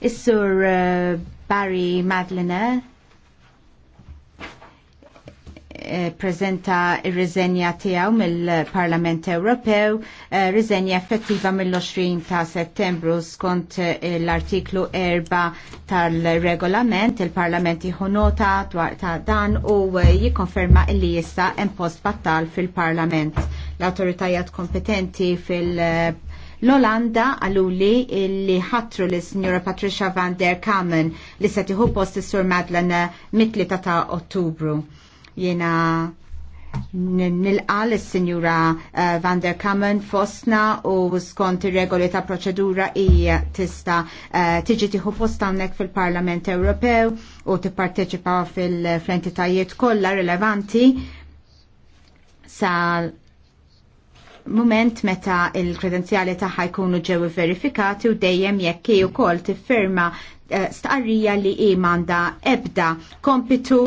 Is-sur uh, Barry Madlina uh, eh, prezenta ir-riżenja tiegħu mill-Parlament Ewropew, uh, riżenja effettiva mill-20 ta' Settembru skont eh, l-artiklu 4 tal-regolament il-Parlament jieħu nota ta' dan u jikkonferma li jista' impost battal fil-Parlament. l autoritajat kompetenti fil- L-Olanda għaluli li ħatru li signora Patricia van der Kamen li se tiħu post sur Madlen mitli ta' Ottubru. Jena nil-għal l-Sinjura eh, Van der Kamen fosna u skont regoli ta' proċedura hija tista eh, tiġi tieħu post hawnhekk fil-Parlament Ewropew u tipparteċipa fil frentitajiet kollha rilevanti sa' moment meta il-kredenzjali tagħha jkunu ġew verifikati u dejjem jekk hi wkoll tiffirma eh, stqarrija li hi ebda kompitu